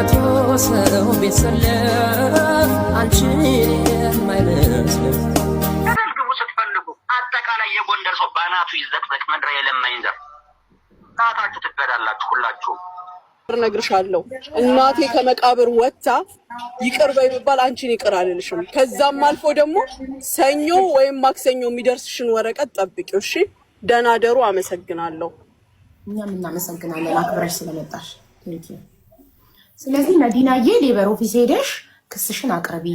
መቶ ሰው ቢሰለፍ አንቺን የማይመስልም አጠቃላይ የጎንደር ሰው በአናቱ ይዘቅዘቅ ምድረ የለማኝ ዘር ናታችሁ ትገዳላችሁ ሁላችሁ እነግርሻለሁ እናቴ ከመቃብር ወጥታ ይቅር በይ ብባል አንቺን ይቅር አልልሽም። ከዛም አልፎ ደግሞ ሰኞ ወይም ማክሰኞ የሚደርስሽን ወረቀት ጠብቂው። እሺ፣ ደህና ደሩ። አመሰግናለሁ። እኛም እናመሰግናለን አክብረሽ ስለመጣሽ። ስለዚህ መዲናዬ ሌበር ኦፊስ ሄደሽ ክስሽን አቅርቢ።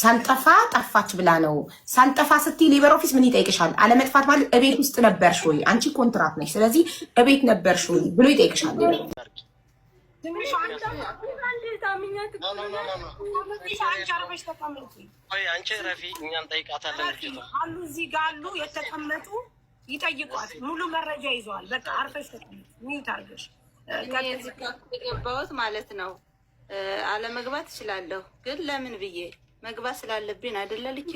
ሳንጠፋ ጠፋች ብላ ነው። ሳንጠፋ ስትይ ሌበር ኦፊስ ምን ይጠይቅሻል? አለመጥፋት ማለት እቤት ውስጥ ነበርሽ ወይ? አንቺ ኮንትራት ነሽ። ስለዚህ እቤት ነበርሽ ወይ ብሎ ይጠይቅሻል። አንቺ ረፊ፣ አሉ እዚህ ጋር አሉ የተቀመጡ ይጠይቋል። ሙሉ መረጃ ይዘዋል። በቃ አርፈሽ ተቀመጥ። የገባሁት ማለት ነው። አለመግባት እችላለሁ፣ ግን ለምን ብዬ መግባት ስላለብኝ አይደለ ልክ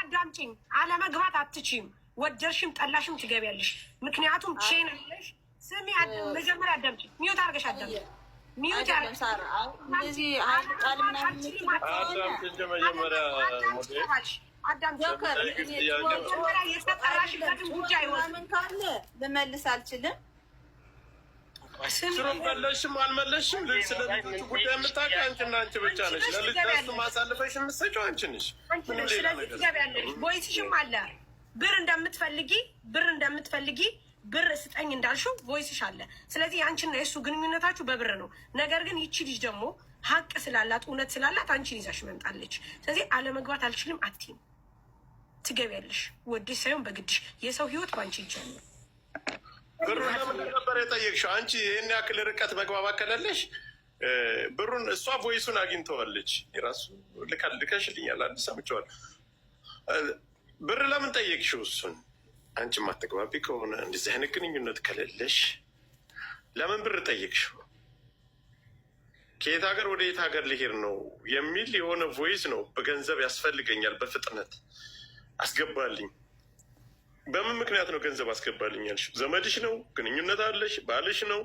አዳምጪኝ፣ አለመግባት አትችም፣ ወደርሽም ጠላሽም ትገቢያለሽ። ምክንያቱም ቼን አለሽ። ስሚ፣ መጀመሪያ አዳምጪኝ፣ ሚዩት አድርገሽ አዳምጪኝ። ሚዩት ቃል ምናምን ጉዳይ ምን ካለ ልመልስ አልችልም ስሩም መለሽም አልመለሽም ስለልጆቹ ጉዳይ የምታውቂው አንቺና አንቺ ብቻ ነሽ። ለልጅ ማሳልፈሽ የምትሰጪው አንቺ ነሽ። ስለዚህ ትገቢያለሽ። ቮይስሽም አለ ብር እንደምትፈልጊ ብር እንደምትፈልጊ ብር ስጠኝ እንዳልሽው ቮይስሽ አለ። ስለዚህ አንቺና የእሱ ግንኙነታችሁ በብር ነው። ነገር ግን ይቺ ልጅ ደግሞ ሀቅ ስላላት እውነት ስላላት አንቺን ይዛሽ መምጣለች። ስለዚህ አለመግባት አልችልም አትይም። ትገቢያለሽ፣ ወድሽ ሳይሆን በግድሽ። የሰው ህይወት በአንቺ ይጃለ ብሩን ለምን ነበር የጠየቅሽው? አንቺ ይህን ያክል ርቀት መግባባት ከሌለሽ ብሩን እሷ ቮይሱን አግኝተዋለች። የራሱ ልከሽልኛል። አንድ ሰምቼዋለሁ። ብር ለምን ጠየቅሽው? እሱን አንቺ ማተግባቢ ከሆነ እንደዚህ አይነት ግንኙነት ከሌለሽ ለምን ብር ጠየቅሽው? ከየት ሀገር ወደ የት ሀገር ልሄድ ነው የሚል የሆነ ቮይስ ነው። በገንዘብ ያስፈልገኛል፣ በፍጥነት አስገባልኝ በምን ምክንያት ነው ገንዘብ አስገባልኝ ያልሽ? ዘመድሽ ነው? ግንኙነት አለሽ? ባልሽ ነው?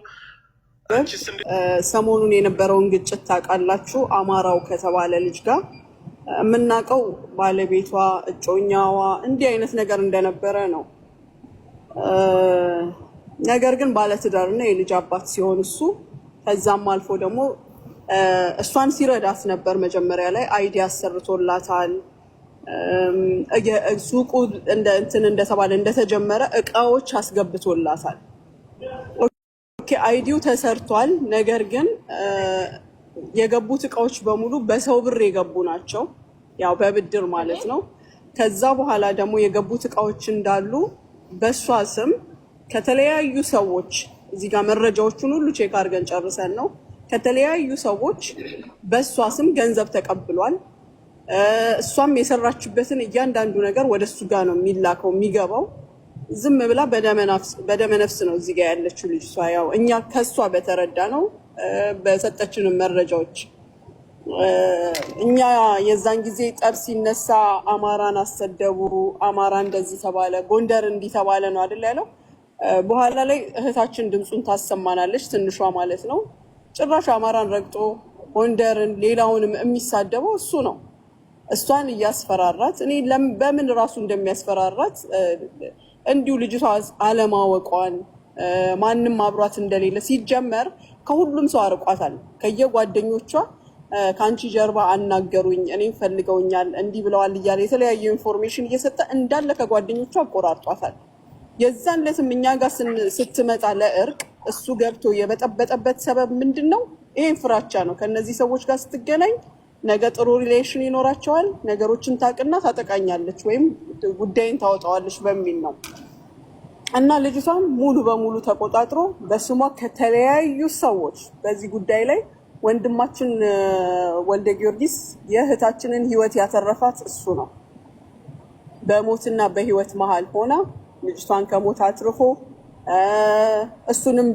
ሰሞኑን የነበረውን ግጭት ታውቃላችሁ። አማራው ከተባለ ልጅ ጋር የምናውቀው ባለቤቷ፣ እጮኛዋ እንዲህ አይነት ነገር እንደነበረ ነው። ነገር ግን ባለትዳርና የልጅ አባት ሲሆን እሱ ከዛም አልፎ ደግሞ እሷን ሲረዳት ነበር። መጀመሪያ ላይ አይዲያ አሰርቶላታል። ሱቁ እንትን እንደተባለ እንደተጀመረ እቃዎች አስገብቶላታል። ኦኬ አይዲው ተሰርቷል። ነገር ግን የገቡት እቃዎች በሙሉ በሰው ብር የገቡ ናቸው፣ ያው በብድር ማለት ነው። ከዛ በኋላ ደግሞ የገቡት እቃዎች እንዳሉ በእሷ ስም ከተለያዩ ሰዎች እዚህ ጋር መረጃዎቹን ሁሉ ቼክ አድርገን ጨርሰን ነው ከተለያዩ ሰዎች በእሷ ስም ገንዘብ ተቀብሏል። እሷም የሰራችበትን እያንዳንዱ ነገር ወደ እሱ ጋር ነው የሚላከው የሚገባው። ዝም ብላ በደመ ነፍስ ነው እዚህ ጋር ያለችው ልጅ። እሷ ያው እኛ ከእሷ በተረዳ ነው በሰጠችንም መረጃዎች እኛ የዛን ጊዜ ጠብ ሲነሳ አማራን አሰደቡ፣ አማራ እንደዚህ ተባለ፣ ጎንደር እንዲህ ተባለ ነው አይደል ያለው። በኋላ ላይ እህታችን ድምፁን ታሰማናለች፣ ትንሿ ማለት ነው። ጭራሽ አማራን ረግጦ ጎንደርን፣ ሌላውንም የሚሳደበው እሱ ነው። እሷን እያስፈራራት እኔ በምን ራሱ እንደሚያስፈራራት እንዲሁ ልጅቷ አለማወቋን ማንም አብሯት እንደሌለ ሲጀመር ከሁሉም ሰው አርቋታል። ከየጓደኞቿ ከአንቺ ጀርባ አናገሩኝ፣ እኔም ፈልገውኛል፣ እንዲህ ብለዋል እያለ የተለያዩ ኢንፎርሜሽን እየሰጠ እንዳለ ከጓደኞቿ አቆራርጧታል። የዛን ዕለትም እኛ ጋር ስትመጣ ለእርቅ እሱ ገብቶ የበጠበጠበት ሰበብ ምንድን ነው? ይህን ፍራቻ ነው። ከእነዚህ ሰዎች ጋር ስትገናኝ ነገ ጥሩ ሪሌሽን ይኖራቸዋል። ነገሮችን ታውቅና ታጠቃኛለች ወይም ጉዳይን ታወጣዋለች በሚል ነው እና ልጅቷም ሙሉ በሙሉ ተቆጣጥሮ በስሟ ከተለያዩ ሰዎች በዚህ ጉዳይ ላይ ወንድማችን ወልደ ጊዮርጊስ የእህታችንን ሕይወት ያተረፋት እሱ ነው። በሞትና በሕይወት መሀል ሆና ልጅቷን ከሞት አትርፎ እሱንም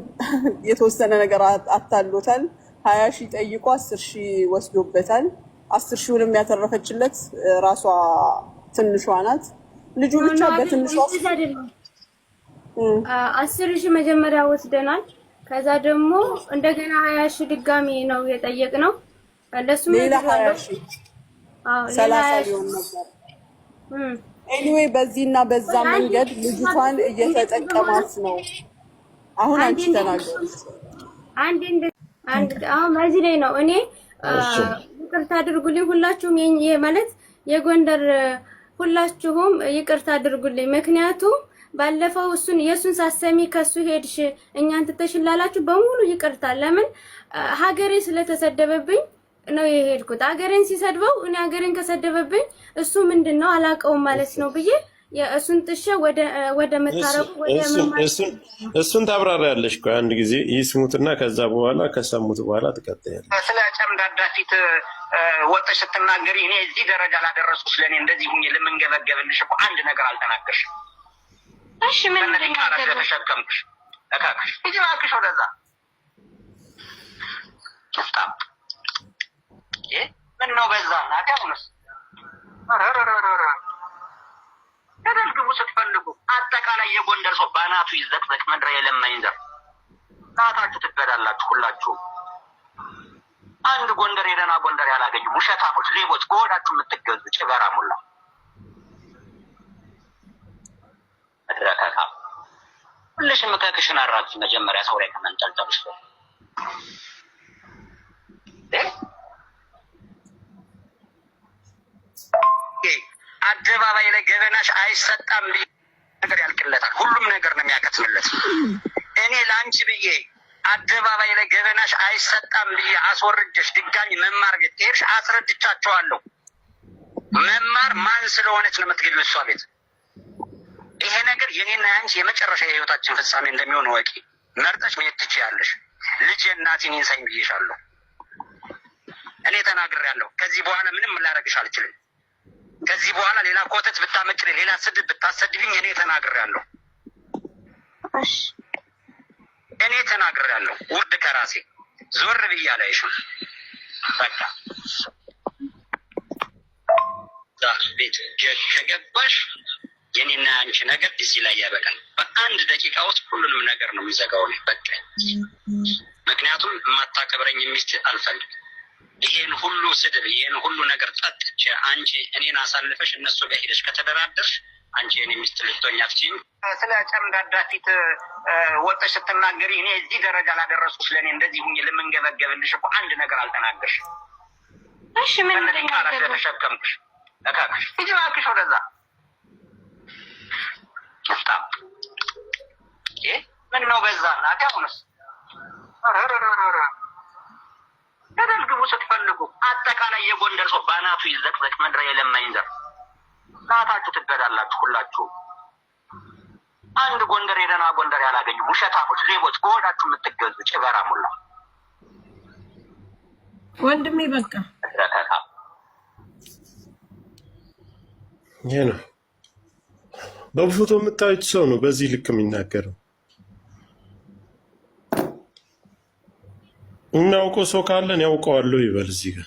የተወሰነ ነገር አታሎታል። ሀያ ሺህ ጠይቆ አስር ሺህ ወስዶበታል። አስር ሺውንም ያተረፈችለት ራሷ ትንሿ ናት። ልጁ ብቻ በትንሿ አስር ሺህ መጀመሪያ ወስደናል። ከዛ ደግሞ እንደገና ሀያ ሺህ ድጋሚ ነው የጠየቅነው። ለሱም ሌላ ሀያ ሺህ ሰላሳ ሊሆን ነበር። ኤኒዌይ በዚህና በዛ መንገድ ልጅቷን እየተጠቀማት ነው። አሁን አንቺ ተናገሩ አንድ አንድ በዚህ ላይ ነው እኔ ይቅርታ አድርጉልኝ ሁላችሁም ማለት የጎንደር ሁላችሁም ይቅርታ አድርጉልኝ። ምክንያቱም ባለፈው እሱን የእሱን ሳሰሚ ከሱ ሄድሽ እኛን ትተሽላላችሁ በሙሉ ይቅርታ። ለምን ሀገሬ ስለተሰደበብኝ ነው የሄድኩት። ሀገሬን ሲሰድበው እኔ ሀገሬን ከሰደበብኝ እሱ ምንድን ነው አላውቀውም ማለት ነው ብዬ የእሱን ጥሼ ወደ መታረቁ እሱን ታብራራ ያለሽ አንድ ጊዜ ይስሙትና ከዛ በኋላ ከሰሙት በኋላ ትቀጥያለሽ። ስለ ጨምዳዳ ፊት ወጥተሽ ስትናገሪ እኔ እዚህ ደረጃ ላደረስኩ ስለእኔ እንደዚህ ሁኜ ለምንገበገብልሽ እኮ አንድ ነገር አልተናገርሽም። እሺ ምን ተሸከምኩሽ? እካክሽ እጅ እባክሽ ወደዛ ምን ነው በዛ ናት ያሁንስ ተደግቡ ስትፈልጉ አጠቃላይ የጎንደር ሰው በአናቱ ይዘቅዘቅ። ምድረ የለማኝ ዘር ናታችሁ ትገዳላችሁ ሁላችሁም። አንድ ጎንደር የደህና ጎንደር ያላገኙ ውሸታሞች፣ ሌቦች ጎዳችሁ የምትገዙ ጭበራ ሙላ መድረከካ ሁልሽ ምከክሽን አራቂ መጀመሪያ ሰው ላይ ከመንጠልጠሉ ስ አደባባይ ላይ ገበናሽ አይሰጣም ብዬ ነገር ያልቅለታል። ሁሉም ነገር ነው የሚያከትምለት። እኔ ለአንቺ ብዬ አደባባይ ላይ ገበናሽ አይሰጣም ብዬ አስወርጀሽ ድጋሚ መማር ቤት ሄድሽ አስረድቻቸዋለሁ። መማር ማን ስለሆነች ነው የምትገኙ እሷ ቤት። ይሄ ነገር የኔና ያንቺ የመጨረሻ የህይወታችን ፍጻሜ እንደሚሆን ወቂ መርጠሽ መሄድ ትችያለሽ። ልጅ እናቴን ይንሳኝ ብዬሻለሁ። እኔ ተናግሬያለሁ። ከዚህ በኋላ ምንም ላደርግሽ አልችልም። ከዚህ በኋላ ሌላ ኮተት ብታመጭ፣ ሌላ ስድብ ብታሰድብኝ እኔ ተናግሬያለሁ። እኔ ተናግሬያለሁ። ውድ ከራሴ ዞር ብዬ አላይሽም። በቃ ቤት ከገባሽ የኔና አንቺ ነገር እዚህ ላይ ያበቃል። በአንድ ደቂቃ ውስጥ ሁሉንም ነገር ነው የሚዘጋው። በቃ ምክንያቱም የማታከብረኝ ሚስት አልፈልግም። ይሄን ሁሉ ስድብ ይሄን ሁሉ ነገር ጠጥቼ አንቺ እኔን አሳልፈሽ እነሱ ጋር ሄደሽ ከተደራደርሽ አንቺ እኔ ሚስት ልትሆኛ ትችይ። ስለ ጨምዳዳ ፊት ወጥተሽ ስትናገሪ እኔ እዚህ ደረጃ ላደረሱሽ ስለእኔ እንደዚህ ሁኝ ልምንገበገብልሽ እኮ አንድ ነገር አልተናገርሽ። እሺ ምን ቃላት ለተሸከምኩሽ ሂጂ እባክሽ ወደዛ ምን ነው በዛ ናት ያሁንስ ተዘግቡ ስትፈልጉ አጠቃላይ የጎንደር ሰው በአናቱ ይዘቅዘቅ። መድረ የለማኝ ዘር ናታችሁ ትገዳላችሁ ሁላችሁ። አንድ ጎንደር የደና ጎንደር ያላገኙ ውሸታሞች፣ ሌቦች፣ በሆዳችሁ የምትገዙ ጭበራ ሙላ ወንድሜ በቃ ይህ ነው። በፎቶ የምታዩት ሰው ነው በዚህ ልክ የሚናገረው። የሚያውቁ ሰው ካለን ያውቀዋለሁ ይበል እዚህ ጋር